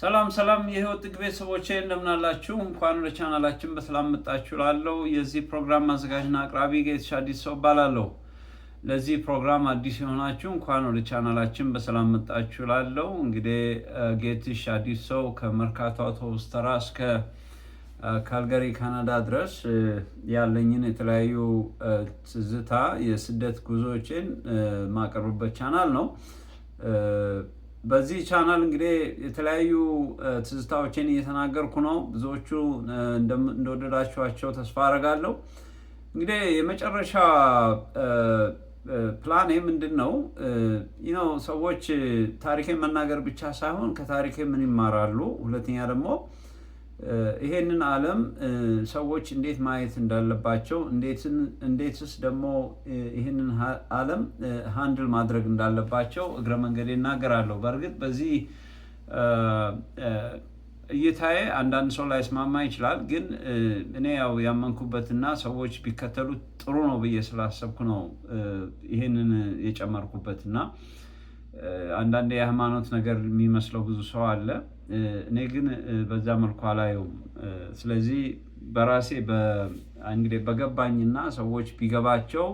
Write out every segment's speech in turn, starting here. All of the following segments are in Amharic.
ሰላም ሰላም የህይወት ጥግ ቤተሰቦቼ እንደምናላችሁ፣ እንኳን ወደ ቻናላችን በሰላም መጣችሁ። ላለው የዚህ ፕሮግራም አዘጋጅና አቅራቢ ጌትሽ አዲስ ሰው እባላለሁ። ለዚህ ፕሮግራም አዲስ የሆናችሁ እንኳን ወደ ቻናላችን በሰላም መጣችሁ። ላለው እንግዲህ ጌትሽ አዲስ ሰው ከመርካቶ አውቶቡስ ተራ እስከ ካልጋሪ ካናዳ ድረስ ያለኝን የተለያዩ ትዝታ የስደት ጉዞዎችን ማቀርብበት ቻናል ነው። በዚህ ቻናል እንግዲህ የተለያዩ ትዝታዎችን እየተናገርኩ ነው። ብዙዎቹ እንደወደዳችኋቸው ተስፋ አደርጋለሁ። እንግዲህ የመጨረሻ ፕላኔ ምንድን ነው? ነው ሰዎች ታሪኬን መናገር ብቻ ሳይሆን ከታሪኬ ምን ይማራሉ፣ ሁለተኛ ደግሞ ይሄንን ዓለም ሰዎች እንዴት ማየት እንዳለባቸው እንዴትስ ደግሞ ይህንን ዓለም ሃንድል ማድረግ እንዳለባቸው እግረ መንገዴ እናገራለሁ። በእርግጥ በዚህ እይታዬ አንዳንድ ሰው ላይስማማ ይችላል። ግን እኔ ያው ያመንኩበትና ሰዎች ቢከተሉት ጥሩ ነው ብዬ ስላሰብኩ ነው ይህንን የጨመርኩበትና አንዳንድ የሃይማኖት ነገር የሚመስለው ብዙ ሰው አለ እኔ ግን በዛ መልኩ አላየውም። ስለዚህ በራሴ እንግዲህ በገባኝና ሰዎች ቢገባቸው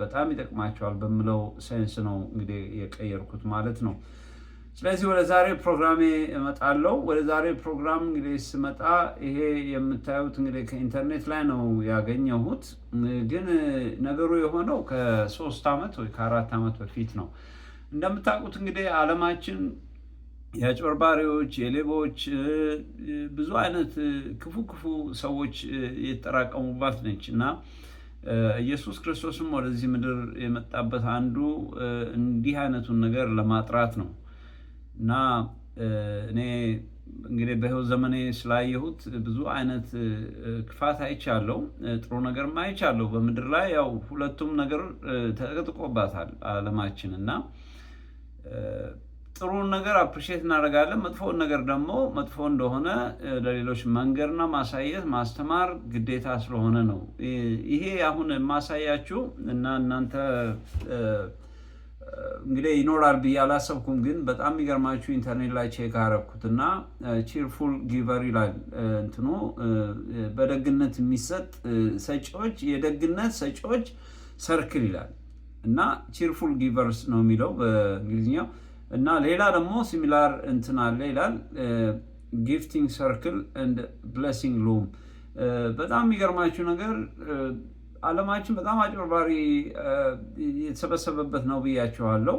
በጣም ይጠቅማቸዋል በምለው ሳይንስ ነው እንግዲህ የቀየርኩት ማለት ነው። ስለዚህ ወደ ዛሬ ፕሮግራሜ እመጣለሁ። ወደ ዛሬ ፕሮግራም እንግዲህ ስመጣ ይሄ የምታዩት እንግዲህ ከኢንተርኔት ላይ ነው ያገኘሁት። ግን ነገሩ የሆነው ከሶስት ዓመት ወይ ከአራት ዓመት በፊት ነው። እንደምታውቁት እንግዲህ ዓለማችን የአጭበርባሪዎች፣ የሌቦች ብዙ አይነት ክፉ ክፉ ሰዎች የተጠራቀሙባት ነች እና ኢየሱስ ክርስቶስም ወደዚህ ምድር የመጣበት አንዱ እንዲህ አይነቱን ነገር ለማጥራት ነው እና እኔ እንግዲህ በሕይወት ዘመኔ ስላየሁት ብዙ አይነት ክፋት አይቻለሁ፣ ጥሩ ነገርም አይቻለሁ። በምድር ላይ ያው ሁለቱም ነገር ተጠቅጥቆባታል አለማችን እና ጥሩን ነገር አፕሪሼት እናደርጋለን። መጥፎውን ነገር ደግሞ መጥፎ እንደሆነ ለሌሎች መንገርና ማሳየት ማስተማር ግዴታ ስለሆነ ነው። ይሄ አሁን የማሳያችሁ እና እናንተ እንግዲህ ይኖራል ብዬ አላሰብኩም፣ ግን በጣም የሚገርማችሁ ኢንተርኔት ላይ ቼክ አረግኩት እና ቺርፉል ጊቨር ይላል እንትኑ በደግነት የሚሰጥ ሰጪዎች የደግነት ሰጪዎች ሰርክል ይላል እና ቺርፉል ጊቨርስ ነው የሚለው በእንግሊዝኛው እና ሌላ ደግሞ ሲሚላር እንትን አለ ይላል ጊፍቲንግ ሰርክል ኤንድ ብሌሲንግ ሉም። በጣም የሚገርማችሁ ነገር አለማችን በጣም አጭበርባሪ የተሰበሰበበት ነው ብያችኋለሁ።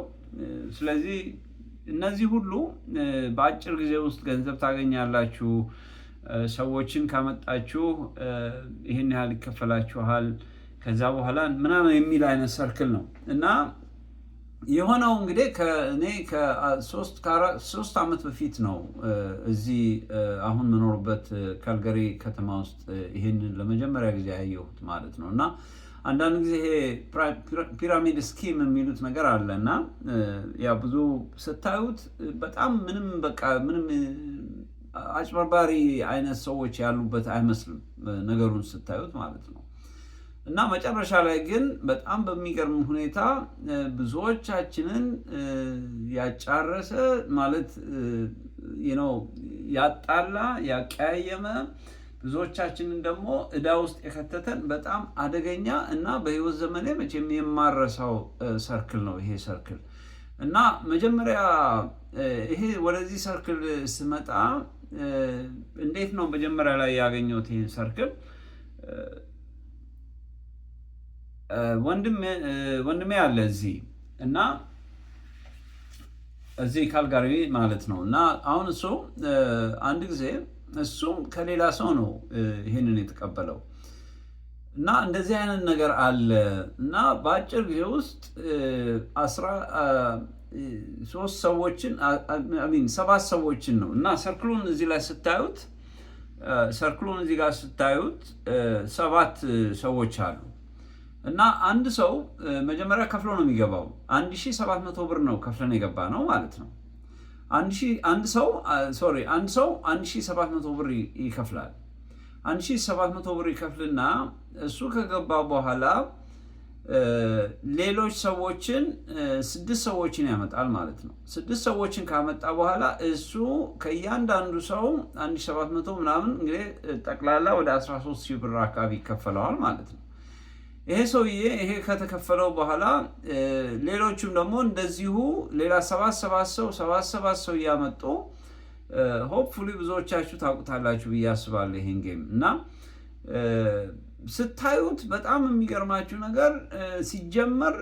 ስለዚህ እነዚህ ሁሉ በአጭር ጊዜ ውስጥ ገንዘብ ታገኛላችሁ፣ ሰዎችን ካመጣችሁ ይህን ያህል ይከፈላችኋል፣ ከዛ በኋላ ምናምን የሚል አይነት ሰርክል ነው እና የሆነው እንግዲህ ከእኔ ከሶስት ዓመት በፊት ነው እዚህ አሁን የምኖርበት ካልገሪ ከተማ ውስጥ ይህንን ለመጀመሪያ ጊዜ ያየሁት ማለት ነው። እና አንዳንድ ጊዜ ይሄ ፒራሚድ ስኪም የሚሉት ነገር አለ እና ያ ብዙ ስታዩት በጣም ምንም በቃ ምንም አጭበርባሪ አይነት ሰዎች ያሉበት አይመስልም ነገሩን ስታዩት ማለት ነው። እና መጨረሻ ላይ ግን በጣም በሚገርም ሁኔታ ብዙዎቻችንን ያጫረሰ ማለት ነው ያጣላ፣ ያቀያየመ ብዙዎቻችንን ደግሞ እዳ ውስጥ የከተተን በጣም አደገኛ እና በህይወት ዘመኔ መቼም የማረሳው ሰርክል ነው ይሄ ሰርክል እና መጀመሪያ ይሄ ወደዚህ ሰርክል ስመጣ እንዴት ነው መጀመሪያ ላይ ያገኘሁት ይህን ሰርክል ወንድሜ አለ እዚህ እና እዚህ ካልጋሪ ማለት ነው። እና አሁን እሱ አንድ ጊዜ እሱም ከሌላ ሰው ነው ይህንን የተቀበለው እና እንደዚህ አይነት ነገር አለ እና በአጭር ጊዜ ውስጥ አስራ ሶስት ሰዎችን ሚን ሰባት ሰዎችን ነው እና ሰርክሉን እዚህ ላይ ስታዩት ሰርክሉን እዚህ ጋር ስታዩት ሰባት ሰዎች አሉ እና አንድ ሰው መጀመሪያ ከፍሎ ነው የሚገባው። 1700 ብር ነው ከፍለን የገባ ነው ማለት ነው። አንድ ሰው ሶሪ አንድ ሰው 1700 ብር ይከፍላል። 1700 ብር ይከፍልና እሱ ከገባ በኋላ ሌሎች ሰዎችን ስድስት ሰዎችን ያመጣል ማለት ነው። ስድስት ሰዎችን ካመጣ በኋላ እሱ ከእያንዳንዱ ሰው 1700 ምናምን እንግዲህ ጠቅላላ ወደ 13 ሺህ ብር አካባቢ ይከፈለዋል ማለት ነው። ይሄ ሰውዬ ይሄ ከተከፈለው በኋላ ሌሎችም ደግሞ እንደዚሁ ሌላ ሰባት ሰባት ሰው ሰባት ሰባት ሰው እያመጡ ሆፕፉሊ ብዙዎቻችሁ ታውቁታላችሁ ብዬ አስባለሁ ይሄን ጌም እና ስታዩት በጣም የሚገርማችሁ ነገር ሲጀመር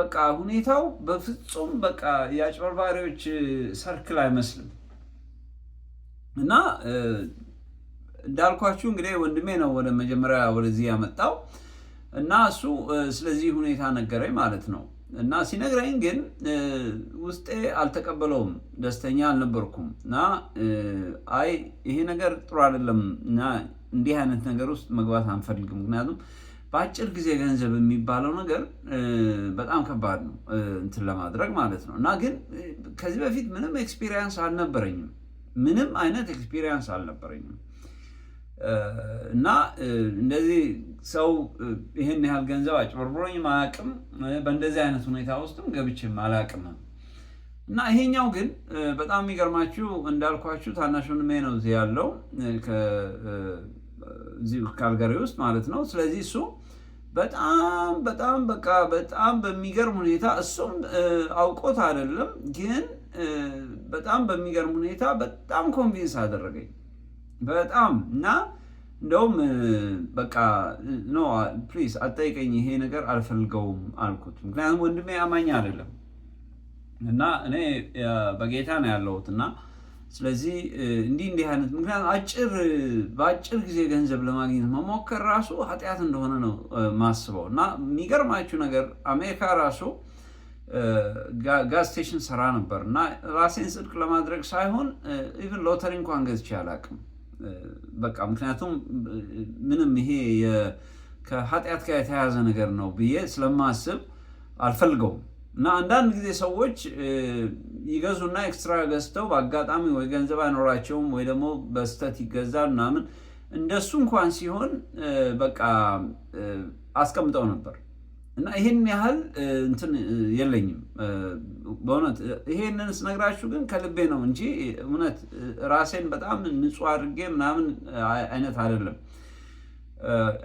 በቃ ሁኔታው በፍጹም በቃ የአጭበርባሪዎች ሰርክል አይመስልም እና እንዳልኳችሁ እንግዲህ ወንድሜ ነው ወደ መጀመሪያ ወደዚህ ያመጣው እና እሱ ስለዚህ ሁኔታ ነገረኝ ማለት ነው። እና ሲነግረኝ ግን ውስጤ አልተቀበለውም፣ ደስተኛ አልነበርኩም። እና አይ ይሄ ነገር ጥሩ አይደለም እና እንዲህ አይነት ነገር ውስጥ መግባት አንፈልግም። ምክንያቱም በአጭር ጊዜ ገንዘብ የሚባለው ነገር በጣም ከባድ ነው እንትን ለማድረግ ማለት ነው። እና ግን ከዚህ በፊት ምንም ኤክስፒሪየንስ አልነበረኝም፣ ምንም አይነት ኤክስፒሪየንስ አልነበረኝም። እና እንደዚህ ሰው ይህን ያህል ገንዘብ አጭበርብሮኝም አላቅም። በእንደዚህ አይነት ሁኔታ ውስጥም ገብቼም አላቅም። እና ይሄኛው ግን በጣም የሚገርማችሁ እንዳልኳችሁ ታናሽ ወንድሜ ነው እዚህ ያለው እዚህ ካልጋሪ ውስጥ ማለት ነው። ስለዚህ እሱ በጣም በጣም በቃ በጣም በሚገርም ሁኔታ እሱም አውቆት አይደለም፣ ግን በጣም በሚገርም ሁኔታ በጣም ኮንቪንስ አደረገኝ። በጣም እና እንደውም በቃ ኖ ፕሊዝ አጠይቀኝ፣ ይሄ ነገር አልፈልገውም አልኩት። ምክንያቱም ወንድሜ አማኝ አይደለም እና እኔ በጌታ ነው ያለሁት እና ስለዚህ እንዲህ እንዲህ አይነት ምክንያቱም አጭር በአጭር ጊዜ ገንዘብ ለማግኘት መሞከር ራሱ ኃጢአት እንደሆነ ነው ማስበው። እና የሚገርማችሁ ነገር አሜሪካ ራሱ ጋዝ ስቴሽን ሰራ ነበር እና ራሴን ጽድቅ ለማድረግ ሳይሆን ኢቨን ሎተሪ እንኳን ገዝቼ አላውቅም። በቃ ምክንያቱም ምንም ይሄ ከኃጢአት ጋር የተያያዘ ነገር ነው ብዬ ስለማስብ አልፈልገውም። እና አንዳንድ ጊዜ ሰዎች ይገዙና ኤክስትራ ገዝተው በአጋጣሚ ወይ ገንዘብ አይኖራቸውም ወይ ደግሞ በስተት ይገዛል ምናምን። እንደሱ እንኳን ሲሆን በቃ አስቀምጠው ነበር እና ይህን ያህል እንትን የለኝም በእውነት ይሄንን ስነግራችሁ ግን ከልቤ ነው እንጂ እውነት ራሴን በጣም ንጹህ አድርጌ ምናምን አይነት አይደለም።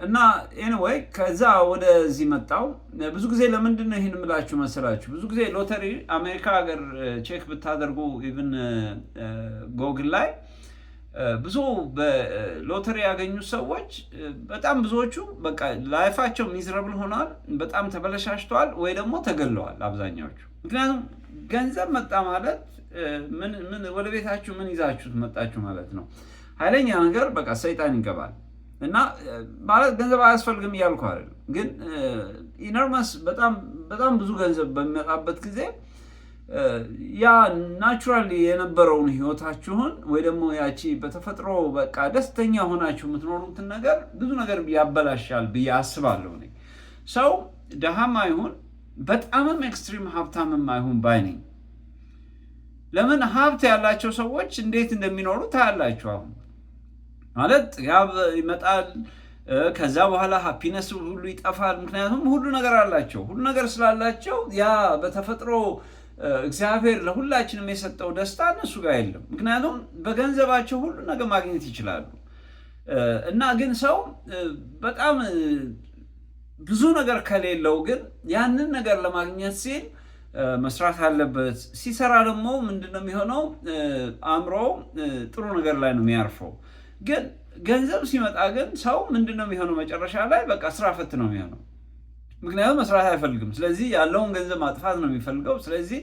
እና ኤኒዌይ ከዛ ወደዚህ መጣው። ብዙ ጊዜ ለምንድን ነው ይህን የምላችሁ መሰላችሁ? ብዙ ጊዜ ሎተሪ አሜሪካ ሀገር ቼክ ብታደርጉ ኢቭን ጎግል ላይ ብዙ በሎተሪ ያገኙ ሰዎች በጣም ብዙዎቹ በቃ ላይፋቸው ሚዝረብል ሆኗል፣ በጣም ተበለሻሽተዋል፣ ወይ ደግሞ ተገለዋል አብዛኛዎቹ። ምክንያቱም ገንዘብ መጣ ማለት ወደ ቤታችሁ ምን ይዛችሁት መጣችሁ ማለት ነው። ኃይለኛ ነገር በቃ ሰይጣን ይገባል እና ማለት ገንዘብ አያስፈልግም እያልኩ አይደለም፣ ግን ኢነርመስ በጣም ብዙ ገንዘብ በሚመጣበት ጊዜ ያ ናቹራሊ የነበረውን ህይወታችሁን ወይ ደግሞ ያቺ በተፈጥሮ በቃ ደስተኛ ሆናችሁ የምትኖሩትን ነገር ብዙ ነገር ያበላሻል ብዬ አስባለሁ። ሰው ድሃም አይሁን በጣምም ኤክስትሪም ሀብታምም አይሁን ባይ ነኝ። ለምን ሀብት ያላቸው ሰዎች እንዴት እንደሚኖሩ ታያላችሁ። አሁን ማለት ያ ይመጣል፣ ከዛ በኋላ ሀፒነስ ሁሉ ይጠፋል። ምክንያቱም ሁሉ ነገር አላቸው። ሁሉ ነገር ስላላቸው ያ በተፈጥሮ እግዚአብሔር ለሁላችንም የሰጠው ደስታ እነሱ ጋር የለም። ምክንያቱም በገንዘባቸው ሁሉ ነገር ማግኘት ይችላሉ እና ግን ሰው በጣም ብዙ ነገር ከሌለው ግን ያንን ነገር ለማግኘት ሲል መስራት አለበት። ሲሰራ ደግሞ ምንድን ነው የሚሆነው? አእምሮ ጥሩ ነገር ላይ ነው የሚያርፈው። ግን ገንዘብ ሲመጣ ግን ሰው ምንድን ነው የሚሆነው? መጨረሻ ላይ በቃ ስራ ፈት ነው የሚሆነው። ምክንያቱም መስራት አይፈልግም። ስለዚህ ያለውን ገንዘብ ማጥፋት ነው የሚፈልገው። ስለዚህ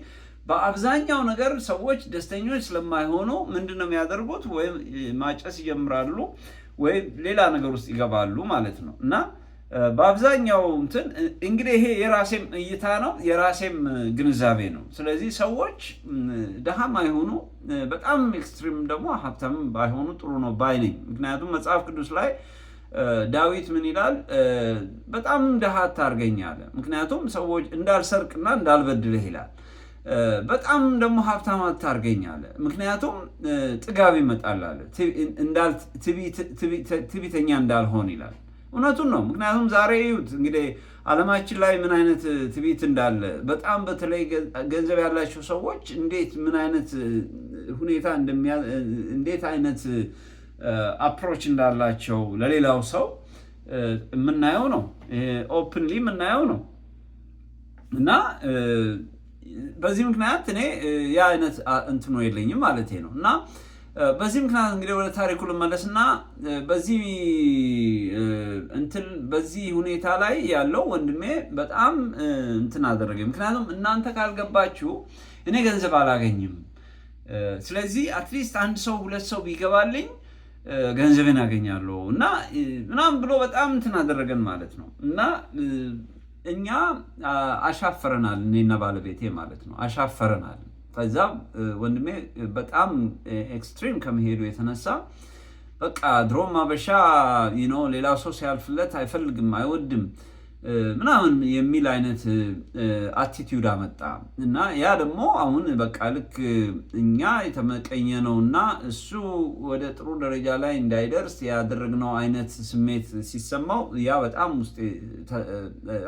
በአብዛኛው ነገር ሰዎች ደስተኞች ስለማይሆኑ ምንድን ነው የሚያደርጉት? ወይም ማጨስ ይጀምራሉ ወይም ሌላ ነገር ውስጥ ይገባሉ ማለት ነው እና በአብዛኛው እንትን እንግዲህ ይሄ የራሴም እይታ ነው፣ የራሴም ግንዛቤ ነው። ስለዚህ ሰዎች ድሃም አይሆኑ በጣም ኤክስትሪም ደግሞ ሀብታም ባይሆኑ ጥሩ ነው ባይ ነኝ። ምክንያቱም መጽሐፍ ቅዱስ ላይ ዳዊት ምን ይላል? በጣም ድሃ አታርገኝ ምክንያቱም ሰዎች እንዳልሰርቅና እንዳልበድልህ ይላል። በጣም ደግሞ ሀብታም አታርገኝ ምክንያቱም ጥጋብ ይመጣል አለ። እንዳልሆን ይላል። እውነቱን ነው። ምክንያቱም ዛሬ እዩት እንግዲህ ዓለማችን ላይ ምን አይነት ትቢት እንዳለ፣ በጣም በተለይ ገንዘብ ያላቸው ሰዎች እንዴት ምን አይነት ሁኔታ እንዴት አይነት አፕሮች እንዳላቸው ለሌላው ሰው የምናየው ነው። ኦፕንሊ የምናየው ነው እና በዚህ ምክንያት እኔ ያ አይነት እንትኖ የለኝም ማለት ነው እና በዚህ ምክንያት እንግዲህ ወደ ታሪኩ ልመለስ በዚህ እንትን በዚህ ሁኔታ ላይ ያለው ወንድሜ በጣም እንትን አደረገ። ምክንያቱም እናንተ ካልገባችሁ እኔ ገንዘብ አላገኝም። ስለዚህ አትሊስት አንድ ሰው ሁለት ሰው ቢገባልኝ ገንዘብን ያገኛለሁ እና ምናምን ብሎ በጣም እንትን አደረገን ማለት ነው። እና እኛ አሻፈረናል፣ እኔና ባለቤቴ ማለት ነው አሻፈረናል። ከዛ ወንድሜ በጣም ኤክስትሪም ከመሄዱ የተነሳ በቃ ድሮም አበሻ ሌላ ሰው ሲያልፍለት አይፈልግም፣ አይወድም ምናምን የሚል አይነት አቲቲዩድ አመጣ እና ያ ደግሞ አሁን በቃ ልክ እኛ የተመቀኘ ነው እና እሱ ወደ ጥሩ ደረጃ ላይ እንዳይደርስ ያደረግነው አይነት ስሜት ሲሰማው ያ በጣም ውስጤ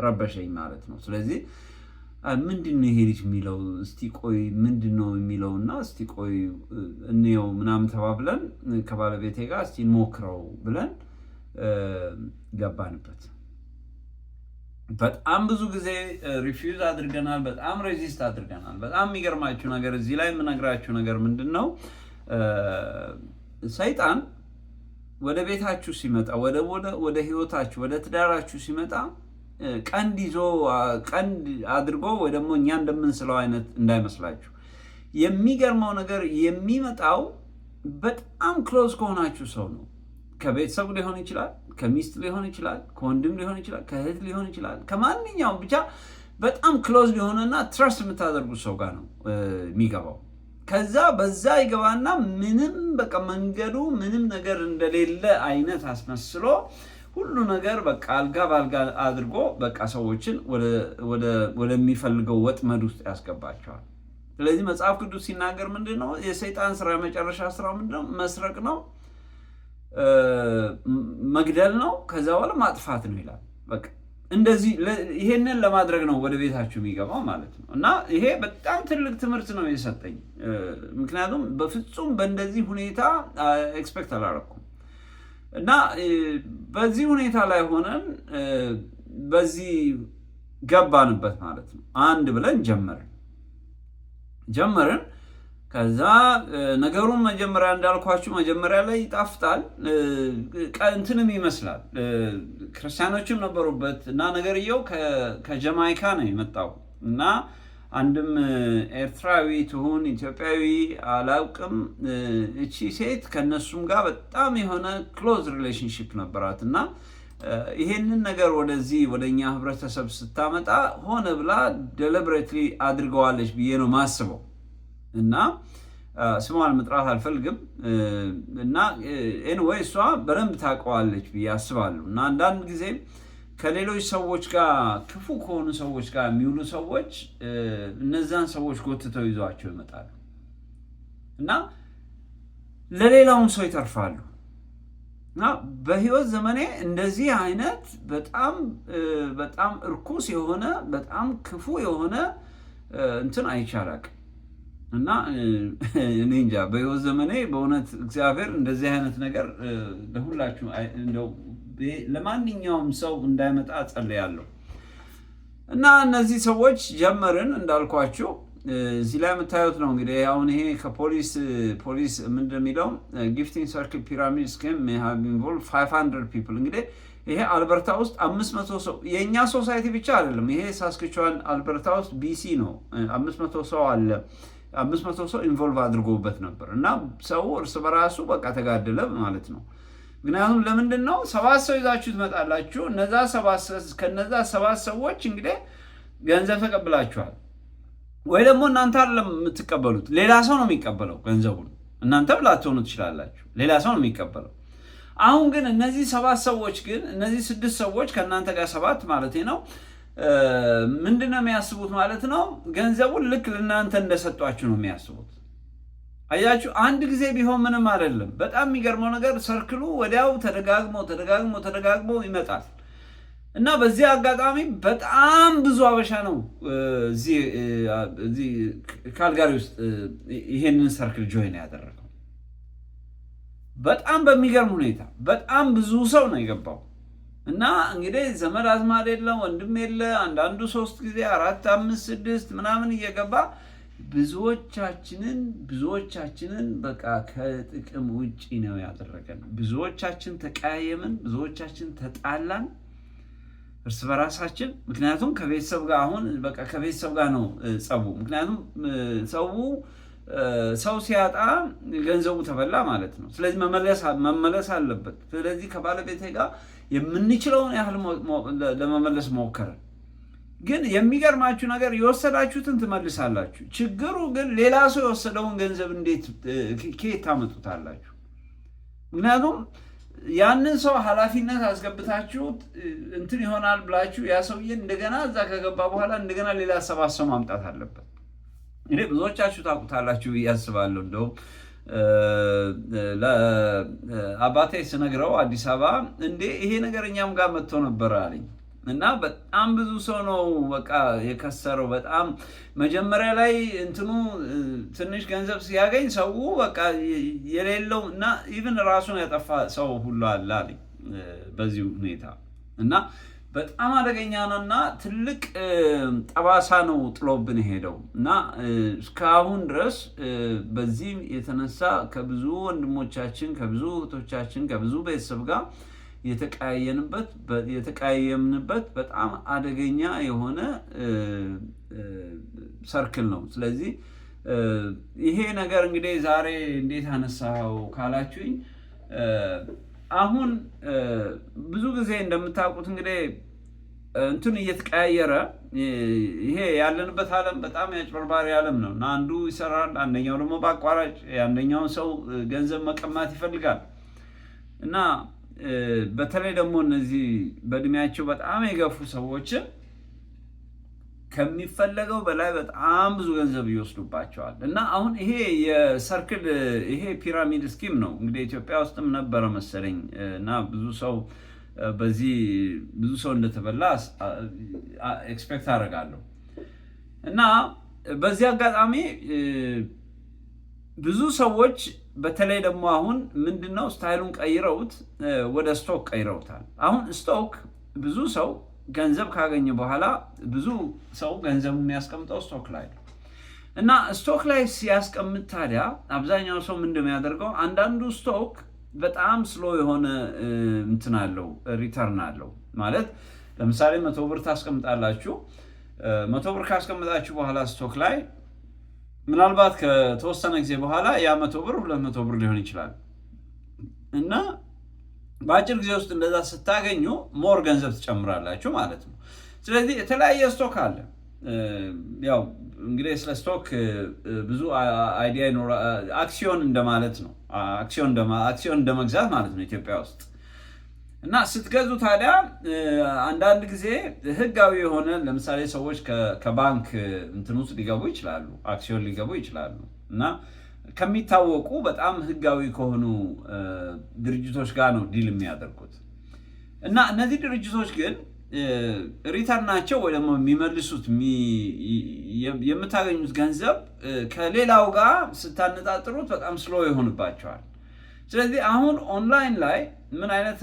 ረበሸኝ ማለት ነው። ስለዚህ ምንድን ነው ይሄ ልጅ የሚለው እስቲ ቆይ ምንድን ነው የሚለው እና እስቲ ቆይ እንየው ምናምን ተባብለን ከባለቤቴ ጋር እስቲ እንሞክረው ብለን ገባንበት። በጣም ብዙ ጊዜ ሪፊውዝ አድርገናል። በጣም ሬዚስት አድርገናል። በጣም የሚገርማችሁ ነገር እዚህ ላይ የምነግራችሁ ነገር ምንድን ነው? ሰይጣን ወደ ቤታችሁ ሲመጣ፣ ወደ ህይወታችሁ፣ ወደ ትዳራችሁ ሲመጣ ቀንድ ይዞ ቀንድ አድርጎ ወይ ደግሞ እኛ እንደምንስለው አይነት እንዳይመስላችሁ። የሚገርመው ነገር የሚመጣው በጣም ክሎዝ ከሆናችሁ ሰው ነው ከቤተሰብ ሊሆን ይችላል፣ ከሚስት ሊሆን ይችላል፣ ከወንድም ሊሆን ይችላል፣ ከእህት ሊሆን ይችላል። ከማንኛውም ብቻ በጣም ክሎዝ የሆነና ትረስት የምታደርጉት ሰው ጋር ነው የሚገባው። ከዛ በዛ ይገባና ምንም በቃ መንገዱ ምንም ነገር እንደሌለ አይነት አስመስሎ ሁሉ ነገር በቃ አልጋ በአልጋ አድርጎ በቃ ሰዎችን ወደሚፈልገው ወጥመድ ውስጥ ያስገባቸዋል። ስለዚህ መጽሐፍ ቅዱስ ሲናገር ምንድን ነው የሰይጣን ስራ የመጨረሻ ስራው ምንድን ነው? መስረቅ ነው መግደል ነው፣ ከዛ በኋላ ማጥፋት ነው ይላል። እንደዚህ ይሄንን ለማድረግ ነው ወደ ቤታችሁ የሚገባው ማለት ነው። እና ይሄ በጣም ትልቅ ትምህርት ነው የሰጠኝ። ምክንያቱም በፍጹም በእንደዚህ ሁኔታ ኤክስፔክት አላረኩም። እና በዚህ ሁኔታ ላይ ሆነን በዚህ ገባንበት ማለት ነው። አንድ ብለን ጀመርን ጀመርን ከዛ ነገሩን መጀመሪያ እንዳልኳችሁ መጀመሪያ ላይ ይጣፍጣል፣ እንትንም ይመስላል። ክርስቲያኖችም ነበሩበት እና ነገርየው ከጀማይካ ነው የመጣው እና አንድም ኤርትራዊ ትሁን ኢትዮጵያዊ አላውቅም፣ እቺ ሴት ከነሱም ጋር በጣም የሆነ ክሎዝ ሪሌሽንሽፕ ነበራት እና ይሄንን ነገር ወደዚህ ወደኛ ህብረተሰብ ስታመጣ ሆነ ብላ ደሊብሬትሊ አድርገዋለች ብዬ ነው ማስበው። እና ስሟን መጥራት አልፈልግም እና ኤንወይ እሷ በደንብ ታውቀዋለች ብዬ አስባለሁ። እና አንዳንድ ጊዜ ከሌሎች ሰዎች ጋር ክፉ ከሆኑ ሰዎች ጋር የሚውሉ ሰዎች እነዛን ሰዎች ጎትተው ይዟቸው ይመጣሉ እና ለሌላውም ሰው ይተርፋሉ። እና በህይወት ዘመኔ እንደዚህ አይነት በጣም በጣም እርኩስ የሆነ በጣም ክፉ የሆነ እንትን አይቻላቅም። እና እኔ እንጃ በህይወት ዘመኔ በእውነት እግዚአብሔር እንደዚህ አይነት ነገር ለሁላችሁ ለማንኛውም ሰው እንዳይመጣ ጸልያለሁ። እና እነዚህ ሰዎች ጀመርን እንዳልኳችሁ እዚህ ላይ የምታዩት ነው እንግዲህ አሁን ይሄ ከፖሊስ ፖሊስ ምንድን የሚለው ጊፍቲንግ ሰርክል ፒራሚድ ስኪም ሃቭ ኢንቮልቭ 500 ፒፕል እንግዲህ ይሄ አልበርታ ውስጥ 500 ሰው የእኛ ሶሳይቲ ብቻ አይደለም። ይሄ ሳስክቸዋን አልበርታ ውስጥ ቢሲ ነው 500 ሰው አለ። አምስት መቶ ሰው ኢንቮልቭ አድርጎበት ነበር እና ሰው እርስ በራሱ በቃ ተጋደለ ማለት ነው። ምክንያቱም ለምንድን ነው ሰባት ሰው ይዛችሁ ትመጣላችሁ። እነዛ ከነዛ ሰባት ሰዎች እንግዲህ ገንዘብ ተቀብላችኋል ወይ ደግሞ እናንተ አይደለም የምትቀበሉት፣ ሌላ ሰው ነው የሚቀበለው ገንዘቡን። እናንተ ላትሆኑ ትችላላችሁ፣ ሌላ ሰው ነው የሚቀበለው። አሁን ግን እነዚህ ሰባት ሰዎች ግን እነዚህ ስድስት ሰዎች ከእናንተ ጋር ሰባት ማለት ነው ምንድን ነው የሚያስቡት ማለት ነው። ገንዘቡን ልክ ለእናንተ እንደሰጧችሁ ነው የሚያስቡት። አያችሁ፣ አንድ ጊዜ ቢሆን ምንም አይደለም። በጣም የሚገርመው ነገር ሰርክሉ ወዲያው ተደጋግሞ ተደጋግሞ ተደጋግሞ ይመጣል እና በዚህ አጋጣሚ በጣም ብዙ አበሻ ነው እዚህ ካልጋሪ ውስጥ ይሄንን ሰርክል ጆይን ያደረገው። በጣም በሚገርም ሁኔታ በጣም ብዙ ሰው ነው የገባው። እና እንግዲህ ዘመድ አዝማድ የለም፣ ወንድም የለ። አንዳንዱ ሶስት ጊዜ አራት አምስት ስድስት ምናምን እየገባ ብዙዎቻችንን ብዙዎቻችንን በቃ ከጥቅም ውጪ ነው ያደረገን። ብዙዎቻችን ተቀያየምን፣ ብዙዎቻችን ተጣላን እርስ በራሳችን። ምክንያቱም ከቤተሰብ ጋር አሁን በቃ ከቤተሰብ ጋር ነው ጸቡ። ምክንያቱም ሰው ሰው ሲያጣ ገንዘቡ ተበላ ማለት ነው። ስለዚህ መመለስ አለበት። ስለዚህ ከባለቤቴ ጋር የምንችለውን ያህል ለመመለስ ሞከርን። ግን የሚገርማችሁ ነገር የወሰዳችሁትን ትመልሳላችሁ። ችግሩ ግን ሌላ ሰው የወሰደውን ገንዘብ እንዴት ከየት ታመጡታላችሁ? ምክንያቱም ያንን ሰው ኃላፊነት አስገብታችሁት እንትን ይሆናል ብላችሁ ያ ሰውዬ እንደገና እዛ ከገባ በኋላ እንደገና ሌላ ሰባት ሰው ማምጣት አለበት። እኔ ብዙዎቻችሁ ታውቁታላችሁ ብዬ አስባለሁ እንደውም አባቴ ስነግረው አዲስ አበባ እንዴ ይሄ ነገር እኛም ጋር መጥቶ ነበር አለኝ። እና በጣም ብዙ ሰው ነው በቃ የከሰረው። በጣም መጀመሪያ ላይ እንትኑ ትንሽ ገንዘብ ሲያገኝ ሰው በቃ የሌለው እና ኢቭን ራሱን ያጠፋ ሰው ሁሉ አለ አለኝ በዚህ ሁኔታ እና በጣም አደገኛ ነው እና ትልቅ ጠባሳ ነው ጥሎብን ሄደው እና እስካሁን ድረስ በዚህ የተነሳ ከብዙ ወንድሞቻችን፣ ከብዙ እህቶቻችን፣ ከብዙ ቤተሰብ ጋር የተቀያየምንበት በጣም አደገኛ የሆነ ሰርክል ነው። ስለዚህ ይሄ ነገር እንግዲህ ዛሬ እንዴት አነሳው ካላችሁኝ አሁን ብዙ ጊዜ እንደምታውቁት እንግዲህ እንትን እየተቀያየረ ይሄ ያለንበት ዓለም በጣም ያጭበርባሪ ዓለም ነው እና አንዱ ይሰራል፣ አንደኛው ደግሞ በአቋራጭ የአንደኛውን ሰው ገንዘብ መቀማት ይፈልጋል እና በተለይ ደግሞ እነዚህ በእድሜያቸው በጣም የገፉ ሰዎችን ከሚፈለገው በላይ በጣም ብዙ ገንዘብ ይወስዱባቸዋል። እና አሁን ይሄ የሰርክል ይሄ ፒራሚድ ስኪም ነው እንግዲህ ኢትዮጵያ ውስጥም ነበረ መሰለኝ እና ብዙ ሰው በዚህ ብዙ ሰው እንደተበላ ኤክስፔክት አደርጋለሁ እና በዚህ አጋጣሚ ብዙ ሰዎች በተለይ ደግሞ አሁን ምንድነው ስታይሉን ቀይረውት ወደ ስቶክ ቀይረውታል። አሁን ስቶክ ብዙ ሰው ገንዘብ ካገኘ በኋላ ብዙ ሰው ገንዘብ የሚያስቀምጠው ስቶክ ላይ ነው እና ስቶክ ላይ ሲያስቀምጥ ታዲያ አብዛኛው ሰው ምንድነው ያደርገው አንዳንዱ ስቶክ በጣም ስሎ የሆነ እንትን አለው ሪተርን አለው ማለት ለምሳሌ መቶ ብር ታስቀምጣላችሁ። መቶ ብር ካስቀምጣችሁ በኋላ ስቶክ ላይ ምናልባት ከተወሰነ ጊዜ በኋላ ያ መቶ ብር ሁለት መቶ ብር ሊሆን ይችላል እና በአጭር ጊዜ ውስጥ እንደዛ ስታገኙ ሞር ገንዘብ ትጨምራላችሁ ማለት ነው። ስለዚህ የተለያየ ስቶክ አለ። ያው እንግዲህ ስለ ስቶክ ብዙ አይዲያ ይኖራል። አክሲዮን እንደማለት ነው። አክሲዮን እንደመግዛት ማለት ነው ኢትዮጵያ ውስጥ እና ስትገዙ ታዲያ አንዳንድ ጊዜ ህጋዊ የሆነ ለምሳሌ ሰዎች ከባንክ እንትን ውስጥ ሊገቡ ይችላሉ፣ አክሲዮን ሊገቡ ይችላሉ እና ከሚታወቁ በጣም ህጋዊ ከሆኑ ድርጅቶች ጋር ነው ዲል የሚያደርጉት እና እነዚህ ድርጅቶች ግን ሪተርን ናቸው ወይ ደግሞ የሚመልሱት የምታገኙት ገንዘብ ከሌላው ጋር ስታነጣጥሩት በጣም ስሎ ይሆንባቸዋል። ስለዚህ አሁን ኦንላይን ላይ ምን አይነት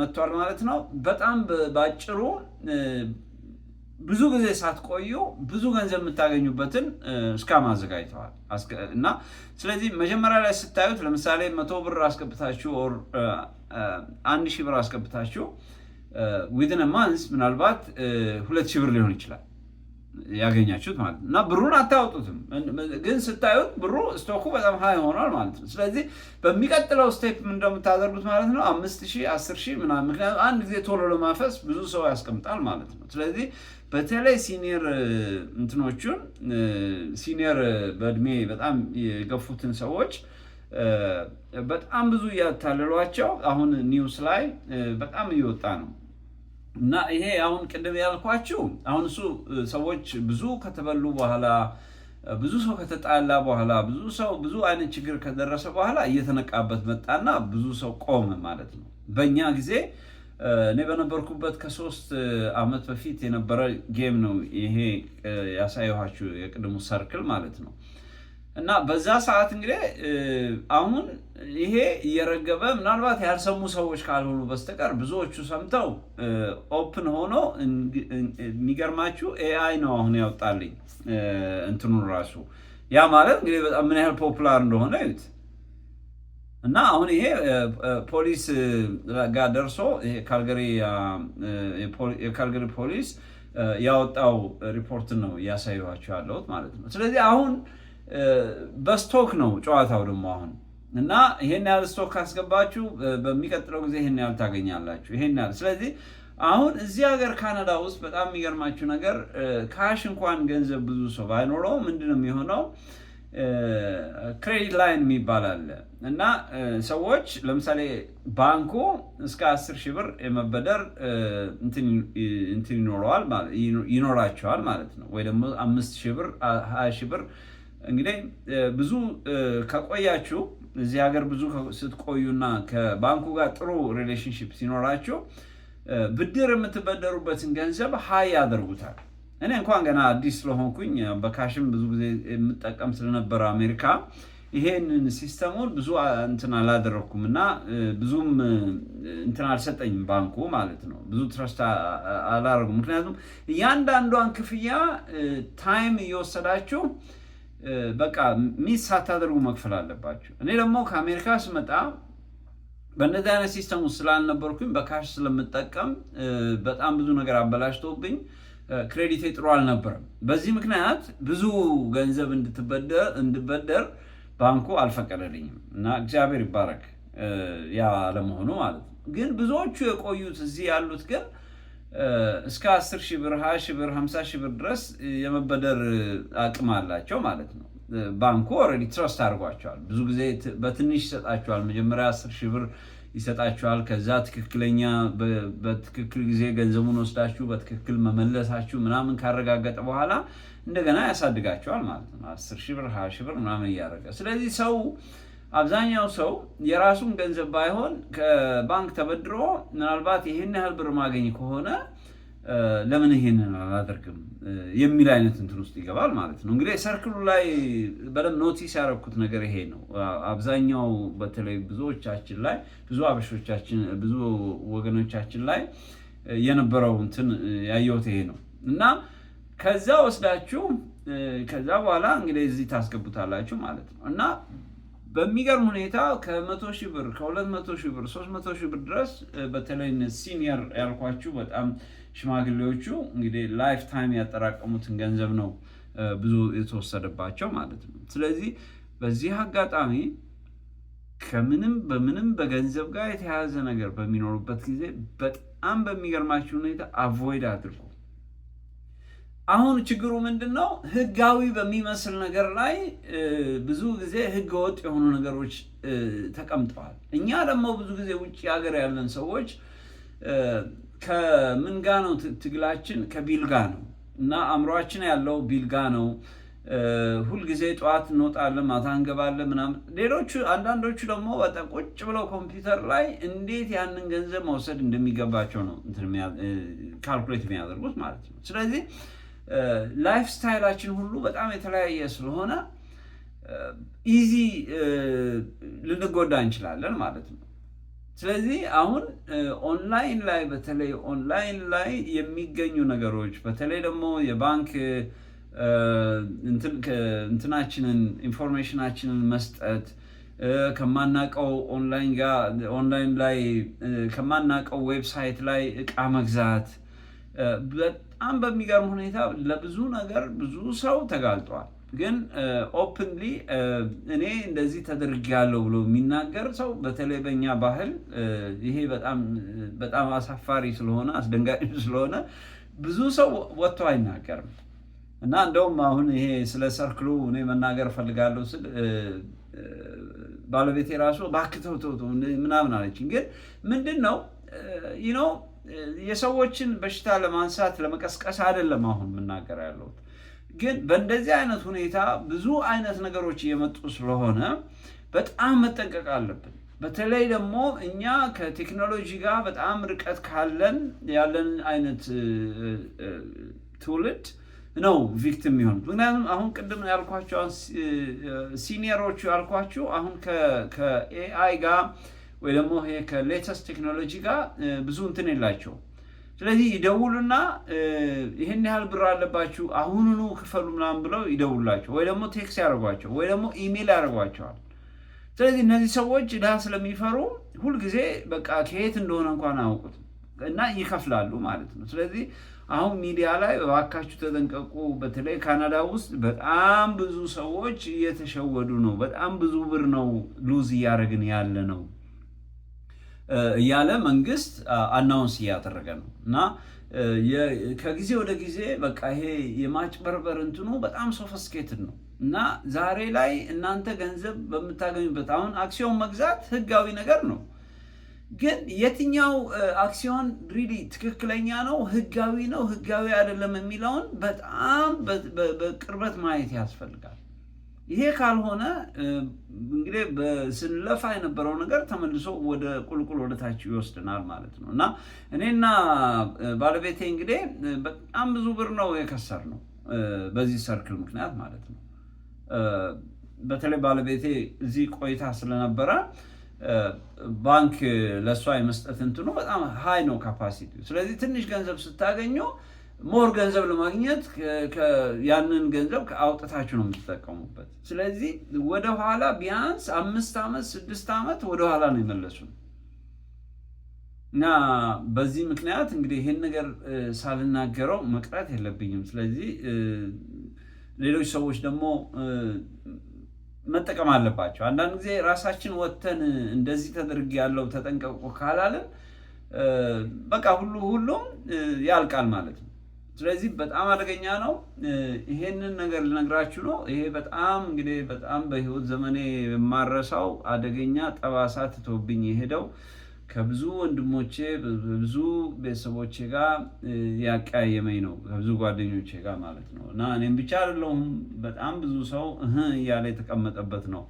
መጥቷል ማለት ነው። በጣም በአጭሩ ብዙ ጊዜ ሳትቆዩ ብዙ ገንዘብ የምታገኙበትን እስካም አዘጋጅተዋል እና ስለዚህ መጀመሪያ ላይ ስታዩት ለምሳሌ መቶ ብር አስገብታችሁ አንድ ሺህ ብር አስገብታችሁ ዊዝን ማንስ ምናልባት ሁለት ሺህ ብር ሊሆን ይችላል ያገኛችሁት ማለት ነው። እና ብሩን አታወጡትም፣ ግን ስታዩት ብሩ ስቶኩ በጣም ሀይ ሆኗል ማለት ነው። ስለዚህ በሚቀጥለው ስቴፕ እንደምታደርጉት ማለት ነው አምስት ሺህ አስር ሺህ ምናምን፣ ምክንያቱም አንድ ጊዜ ቶሎ ለማፈስ ብዙ ሰው ያስቀምጣል ማለት ነው። ስለዚህ በተለይ ሲኒየር እንትኖቹን ሲኒየር በእድሜ በጣም የገፉትን ሰዎች በጣም ብዙ እያታለሏቸው አሁን ኒውስ ላይ በጣም እየወጣ ነው እና ይሄ አሁን ቅድም ያልኳችሁ አሁን እሱ ሰዎች ብዙ ከተበሉ በኋላ ብዙ ሰው ከተጣላ በኋላ ብዙ ሰው ብዙ አይነት ችግር ከደረሰ በኋላ እየተነቃበት መጣና ብዙ ሰው ቆመ ማለት ነው። በእኛ ጊዜ እኔ በነበርኩበት ከሶስት ዓመት በፊት የነበረ ጌም ነው ይሄ ያሳየኋችሁ የቅድሙ ሰርክል ማለት ነው። እና በዛ ሰዓት እንግዲህ አሁን ይሄ እየረገበ ምናልባት ያልሰሙ ሰዎች ካልሆኑ በስተቀር ብዙዎቹ ሰምተው ኦፕን ሆኖ የሚገርማችሁ ኤአይ ነው አሁን ያወጣልኝ እንትኑን ራሱ ያ ማለት እንግዲህ በጣም ምን ያህል ፖፑላር እንደሆነ እዩት። እና አሁን ይሄ ፖሊስ ጋር ደርሶ የካልገሪ ፖሊስ ያወጣው ሪፖርት ነው እያሳየኋቸው ያለሁት ማለት ነው። ስለዚህ አሁን በስቶክ ነው ጨዋታው ደግሞ አሁን እና ይሄን ያህል ስቶክ ካስገባችሁ በሚቀጥለው ጊዜ ይሄን ያህል ታገኛላችሁ። ይሄን ያህል ስለዚህ አሁን እዚህ ሀገር ካናዳ ውስጥ በጣም የሚገርማችሁ ነገር ካሽ እንኳን ገንዘብ ብዙ ሰው ባይኖረው ምንድን ነው የሚሆነው? ክሬዲት ላይን የሚባል አለ እና ሰዎች ለምሳሌ ባንኩ እስከ አስር ሺህ ብር የመበደር እንትን ይኖረዋል ይኖራቸዋል ማለት ነው ወይ ደግሞ አምስት ሺህ ብር ሀያ ሺህ ብር እንግዲህ ብዙ ከቆያችሁ እዚህ ሀገር ብዙ ስትቆዩና ከባንኩ ጋር ጥሩ ሪሌሽንሽፕ ሲኖራችሁ ብድር የምትበደሩበትን ገንዘብ ሀይ ያደርጉታል። እኔ እንኳን ገና አዲስ ስለሆንኩኝ በካሽም ብዙ ጊዜ የምጠቀም ስለነበረ አሜሪካ ይሄንን ሲስተሙን ብዙ እንትን አላደረግኩም እና ብዙም እንትን አልሰጠኝም ባንኩ ማለት ነው። ብዙ ትረስት አላደረጉም። ምክንያቱም እያንዳንዷን ክፍያ ታይም እየወሰዳችሁ በቃ ሚስ ሳታደርጉ መክፈል አለባቸው። እኔ ደግሞ ከአሜሪካ ስመጣ በእነዚህ አይነት ሲስተሙ ስላልነበርኩኝ በካሽ ስለምጠቀም በጣም ብዙ ነገር አበላሽቶብኝ ክሬዲቴ ጥሩ አልነበረም። በዚህ ምክንያት ብዙ ገንዘብ እንድበደር ባንኩ አልፈቀደልኝም እና እግዚአብሔር ይባረክ ያ ለመሆኑ ማለት ነው። ግን ብዙዎቹ የቆዩት እዚህ ያሉት ግን እስከ 10 ሺህ ብር፣ 20 ሺህ ብር፣ 50 ሺህ ብር ድረስ የመበደር አቅም አላቸው ማለት ነው። ባንኩ ኦልሬዲ ትረስት አድርጓቸዋል። ብዙ ጊዜ በትንሽ ይሰጣቸዋል። መጀመሪያ 10 ሺህ ብር ይሰጣቸዋል። ከዛ ትክክለኛ በትክክል ጊዜ ገንዘቡን ወስዳችሁ በትክክል መመለሳችሁ ምናምን ካረጋገጠ በኋላ እንደገና ያሳድጋቸዋል ማለት ነው። 10 ሺህ ብር፣ 20 ሺህ ብር ምናምን እያደረገ ስለዚህ ሰው አብዛኛው ሰው የራሱን ገንዘብ ባይሆን ከባንክ ተበድሮ ምናልባት ይህን ያህል ብር ማገኝ ከሆነ ለምን ይሄንን አላደርግም የሚል አይነት እንትን ውስጥ ይገባል ማለት ነው። እንግዲህ ሰርክሉ ላይ በደንብ ኖቲስ ያደረኩት ነገር ይሄ ነው። አብዛኛው በተለይ ብዙዎቻችን ላይ ብዙ አበሾቻችን ብዙ ወገኖቻችን ላይ የነበረው እንትን ያየሁት ይሄ ነው እና ከዛ ወስዳችሁ ከዛ በኋላ እንግዲህ እዚህ ታስገቡታላችሁ ማለት ነው እና በሚገርም ሁኔታ ከመቶ ሺህ ብር ከሁለት መቶ ሺህ ብር ሶስት መቶ ሺህ ብር ድረስ በተለይ ሲኒየር ያልኳችሁ በጣም ሽማግሌዎቹ እንግዲህ ላይፍ ታይም ያጠራቀሙትን ገንዘብ ነው ብዙ የተወሰደባቸው ማለት ነው። ስለዚህ በዚህ አጋጣሚ ከምንም በምንም በገንዘብ ጋር የተያያዘ ነገር በሚኖሩበት ጊዜ በጣም በሚገርማችሁ ሁኔታ አቮይድ አድርጉ። አሁን ችግሩ ምንድን ነው? ህጋዊ በሚመስል ነገር ላይ ብዙ ጊዜ ህገ ወጥ የሆኑ ነገሮች ተቀምጠዋል። እኛ ደግሞ ብዙ ጊዜ ውጭ ሀገር ያለን ሰዎች ከምን ጋ ነው ትግላችን? ከቢል ጋ ነው እና አእምሯችን ያለው ቢል ጋ ነው። ሁልጊዜ ጠዋት እንወጣለን፣ ማታ እንገባለን ምናምን። ሌሎቹ አንዳንዶቹ ደግሞ በጣ ቁጭ ብለው ኮምፒውተር ላይ እንዴት ያንን ገንዘብ መውሰድ እንደሚገባቸው ነው ካልኩሌት የሚያደርጉት ማለት ነው። ስለዚህ ላይፍ ስታይላችን ሁሉ በጣም የተለያየ ስለሆነ ኢዚ ልንጎዳ እንችላለን ማለት ነው። ስለዚህ አሁን ኦንላይን ላይ በተለይ ኦንላይን ላይ የሚገኙ ነገሮች በተለይ ደግሞ የባንክ እንትናችንን ኢንፎርሜሽናችንን መስጠት ከማናቀው ኦንላይን ጋር ኦንላይን ላይ ከማናቀው ዌብሳይት ላይ እቃ መግዛት በጣም በሚገርም ሁኔታ ለብዙ ነገር ብዙ ሰው ተጋልጧል። ግን ኦፕንሊ እኔ እንደዚህ ተደርጌያለሁ ብሎ የሚናገር ሰው በተለይ በእኛ ባህል ይሄ በጣም አሳፋሪ ስለሆነ አስደንጋጭ ስለሆነ ብዙ ሰው ወጥቶ አይናገርም እና እንደውም አሁን ይሄ ስለ ሰርክሉ እኔ መናገር እፈልጋለሁ ስል ባለቤቴ ራሱ እባክህ ተው ተው ምናምን አለችኝ። ግን ምንድን ነው የሰዎችን በሽታ ለማንሳት ለመቀስቀስ አይደለም አሁን የምናገር ያለሁት። ግን በእንደዚህ አይነት ሁኔታ ብዙ አይነት ነገሮች እየመጡ ስለሆነ በጣም መጠንቀቅ አለብን። በተለይ ደግሞ እኛ ከቴክኖሎጂ ጋር በጣም ርቀት ካለን ያለን አይነት ትውልድ ነው ቪክቲም የሚሆኑት። ምክንያቱም አሁን ቅድም ያልኳቸው ሲኒየሮቹ ያልኳችሁ አሁን ከኤአይ ጋር ወይ ደግሞ ከሌተስት ቴክኖሎጂ ጋር ብዙ እንትን የላቸው። ስለዚህ ይደውሉና ይህን ያህል ብር አለባችሁ አሁኑኑ ክፈሉ ምናምን ብለው ይደውሉላቸው፣ ወይ ደግሞ ቴክስ ያደርጓቸው፣ ወይ ደግሞ ኢሜይል ያደርጓቸዋል። ስለዚህ እነዚህ ሰዎች ድሃ ስለሚፈሩ ሁልጊዜ በቃ ከየት እንደሆነ እንኳን አያውቁት እና ይከፍላሉ ማለት ነው። ስለዚህ አሁን ሚዲያ ላይ እባካችሁ ተጠንቀቁ። በተለይ ካናዳ ውስጥ በጣም ብዙ ሰዎች እየተሸወዱ ነው። በጣም ብዙ ብር ነው ሉዝ እያደረግን ያለ ነው። እያለ መንግስት አናውንስ እያደረገ ነው እና ከጊዜ ወደ ጊዜ በቃ ይሄ የማጭበርበር እንትኑ በጣም ሶፈስኬትን ነው እና ዛሬ ላይ እናንተ ገንዘብ በምታገኙበት አሁን አክሲዮን መግዛት ህጋዊ ነገር ነው። ግን የትኛው አክሲዮን ሪሊ ትክክለኛ ነው፣ ህጋዊ ነው፣ ህጋዊ አይደለም የሚለውን በጣም በቅርበት ማየት ያስፈልጋል። ይሄ ካልሆነ እንግዲህ ስንለፋ የነበረው ነገር ተመልሶ ወደ ቁልቁል ወደታች ይወስድናል ማለት ነው እና እኔና ባለቤቴ እንግዲህ በጣም ብዙ ብር ነው የከሰር ነው በዚህ ሰርክል ምክንያት ማለት ነው። በተለይ ባለቤቴ እዚህ ቆይታ ስለነበረ ባንክ ለእሷ የመስጠት እንትኑ በጣም ሀይ ነው ካፓሲቲ። ስለዚህ ትንሽ ገንዘብ ስታገኘው ሞር ገንዘብ ለማግኘት ያንን ገንዘብ አውጥታችሁ ነው የምትጠቀሙበት። ስለዚህ ወደኋላ ቢያንስ አምስት ዓመት ስድስት ዓመት ወደኋላ ነው የመለሱ እና በዚህ ምክንያት እንግዲህ ይሄን ነገር ሳልናገረው መቅረት የለብኝም። ስለዚህ ሌሎች ሰዎች ደግሞ መጠቀም አለባቸው። አንዳንድ ጊዜ ራሳችን ወጥተን እንደዚህ ተደርግ ያለው ተጠንቀቁ ካላለን በቃ ሁሉ ሁሉም ያልቃል ማለት ነው። ስለዚህ በጣም አደገኛ ነው። ይሄንን ነገር ልነግራችሁ ነው። ይሄ በጣም እንግዲህ በጣም በህይወት ዘመኔ የማረሳው አደገኛ ጠባሳ ትቶብኝ የሄደው ከብዙ ወንድሞቼ ብዙ ቤተሰቦቼ ጋር ያቀያየመኝ ነው፣ ከብዙ ጓደኞቼ ጋር ማለት ነው። እና እኔም ብቻ አይደለሁም በጣም ብዙ ሰው እህ እያለ የተቀመጠበት ነው።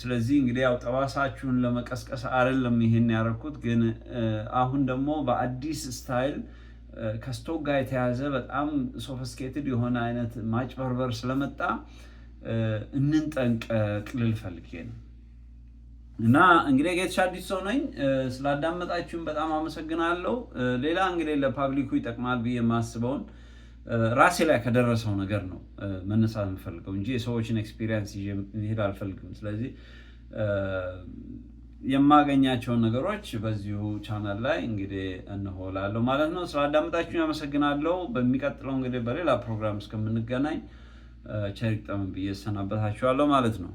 ስለዚህ እንግዲህ ያው ጠባሳችሁን ለመቀስቀስ አይደለም ይሄን ያደረኩት፣ ግን አሁን ደግሞ በአዲስ ስታይል ከስቶክ ጋር የተያዘ በጣም ሶፊስቲኬትድ የሆነ አይነት ማጭበርበር ስለመጣ እንንጠንቀቅ ልል ፈልጌ ነው። እና እንግዲህ ጌትሽ አዲስ ሰው ነኝ። ስላዳመጣችሁን በጣም አመሰግናለሁ። ሌላ እንግዲህ ለፓብሊኩ ይጠቅማል ብዬ የማስበውን ራሴ ላይ ከደረሰው ነገር ነው መነሳት የምፈልገው እንጂ የሰዎችን ኤክስፒሪየንስ ይሄድ አልፈልግም። ስለዚህ የማገኛቸውን ነገሮች በዚሁ ቻናል ላይ እንግዲህ እንሆላለሁ ማለት ነው። ስላዳመጣችሁ ያመሰግናለሁ። በሚቀጥለው እንግዲህ በሌላ ፕሮግራም እስከምንገናኝ ቸር ይግጠመን ብዬ እሰናበታችኋለሁ ማለት ነው።